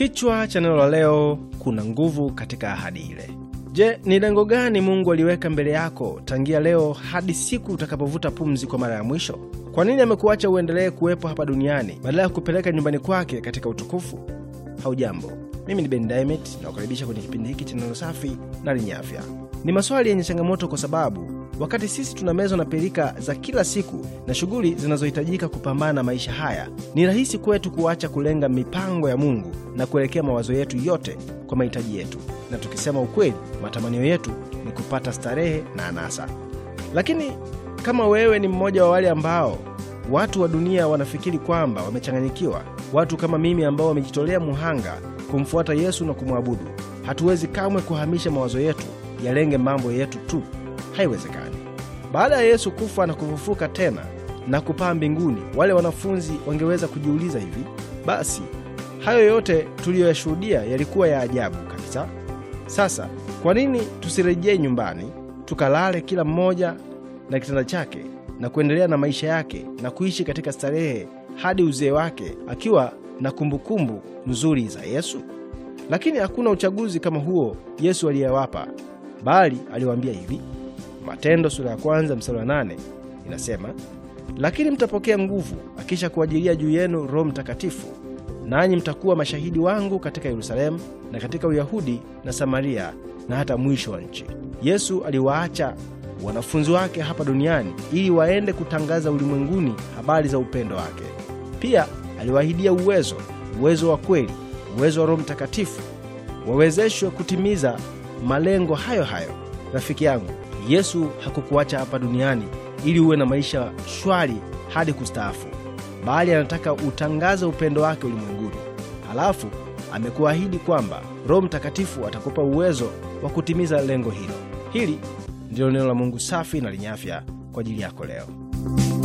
Kichwa cha neno la leo, kuna nguvu katika ahadi ile. Je, ni lengo gani Mungu aliweka mbele yako tangia leo hadi siku utakapovuta pumzi kwa mara ya mwisho? Kwa nini amekuacha uendelee kuwepo hapa duniani badala ya kupeleka nyumbani kwake katika utukufu? Haujambo, mimi ni Ben Diamond na kukaribisha kwenye kipindi hiki cha neno safi na lenye afya. Ni maswali yenye changamoto kwa sababu wakati sisi tuna mezwa na pelika za kila siku na shughuli zinazohitajika kupambana na maisha haya, ni rahisi kwetu kuacha kulenga mipango ya Mungu na kuelekea mawazo yetu yote kwa mahitaji yetu, na tukisema ukweli, matamanio yetu ni kupata starehe na anasa. Lakini kama wewe ni mmoja wa wale ambao watu wa dunia wanafikiri kwamba wamechanganyikiwa, watu kama mimi ambao wamejitolea muhanga kumfuata Yesu na kumwabudu, hatuwezi kamwe kuhamisha mawazo yetu yalenge mambo yetu tu haiwezekani. Baada ya Yesu kufa na kufufuka tena na kupaa mbinguni, wale wanafunzi wangeweza kujiuliza hivi, basi hayo yote tuliyoyashuhudia yalikuwa ya ajabu kabisa. Sasa kwa nini tusirejee nyumbani tukalale kila mmoja na kitanda chake na kuendelea na maisha yake na kuishi katika starehe hadi uzee wake akiwa na kumbukumbu kumbu nzuri za Yesu? Lakini hakuna uchaguzi kama huo Yesu aliyewapa, bali aliwaambia hivi Matendo sura ya kwanza mstari wa nane inasema, lakini mtapokea nguvu akisha kuajilia juu yenu Roho Mtakatifu, nanyi mtakuwa mashahidi wangu katika Yerusalemu na katika Uyahudi na Samaria na hata mwisho wa nchi. Yesu aliwaacha wanafunzi wake hapa duniani ili waende kutangaza ulimwenguni habari za upendo wake. Pia aliwaahidia uwezo, uwezo wa kweli, uwezo wa Roho Mtakatifu, wawezeshwe kutimiza malengo hayo hayo. Rafiki yangu, Yesu hakukuacha hapa duniani ili uwe na maisha shwari hadi kustaafu, bali anataka utangaze upendo wake ulimwenguni. Halafu amekuahidi kwamba Roho Mtakatifu atakupa uwezo wa kutimiza lengo hilo. Hili ndilo neno la Mungu safi na lenye afya kwa ajili yako leo.